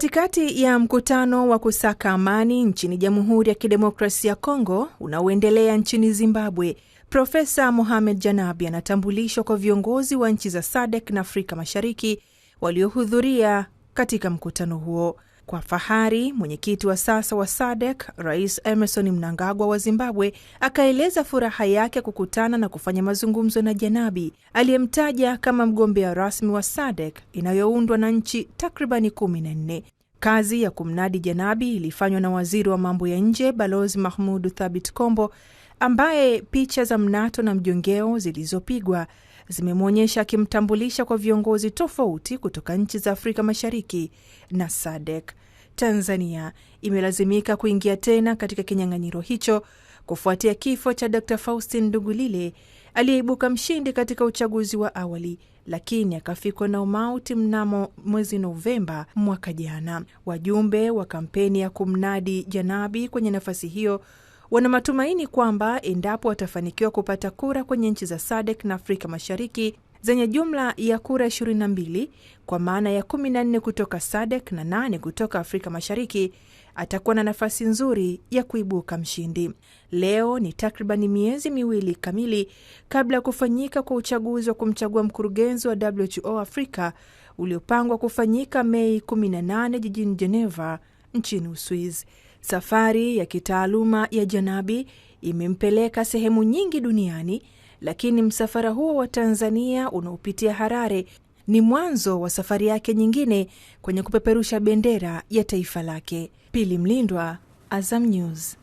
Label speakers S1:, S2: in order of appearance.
S1: Katikati ya mkutano wa kusaka amani nchini Jamhuri ya Kidemokrasia ya Kongo unaoendelea nchini Zimbabwe, Profesa Mohamed Janabi anatambulishwa kwa viongozi wa nchi za SADC na Afrika Mashariki waliohudhuria katika mkutano huo. Kwa fahari, mwenyekiti wa sasa wa SADC Rais Emerson Mnangagwa wa Zimbabwe akaeleza furaha yake kukutana na kufanya mazungumzo na Janabi aliyemtaja kama mgombea rasmi wa SADC inayoundwa na nchi takribani kumi na nne Kazi ya kumnadi Janabi ilifanywa na waziri wa mambo ya nje Balozi Mahmudu Thabit Kombo, ambaye picha za mnato na mjongeo zilizopigwa zimemwonyesha akimtambulisha kwa viongozi tofauti kutoka nchi za Afrika Mashariki na SADC. Tanzania imelazimika kuingia tena katika kinyang'anyiro hicho kufuatia kifo cha Dr Faustin Ndugulile aliyeibuka mshindi katika uchaguzi wa awali lakini akafikwa na umauti mnamo mwezi Novemba mwaka jana. Wajumbe wa kampeni ya kumnadi Janabi kwenye nafasi hiyo wana matumaini kwamba endapo watafanikiwa kupata kura kwenye nchi za SADC na Afrika Mashariki, zenye jumla ya kura 22 kwa maana ya 14 kutoka sadek na 8 kutoka Afrika Mashariki atakuwa na nafasi nzuri ya kuibuka mshindi. Leo ni takriban miezi miwili kamili kabla ya kufanyika kwa uchaguzi wa kumchagua mkurugenzi wa WHO Afrika uliopangwa kufanyika Mei 18 jijini Geneva nchini uswiz Safari ya kitaaluma ya Janabi imempeleka sehemu nyingi duniani lakini msafara huo wa Tanzania unaopitia Harare ni mwanzo wa safari yake nyingine kwenye kupeperusha bendera ya taifa lake. Pili Mlindwa, Azam News.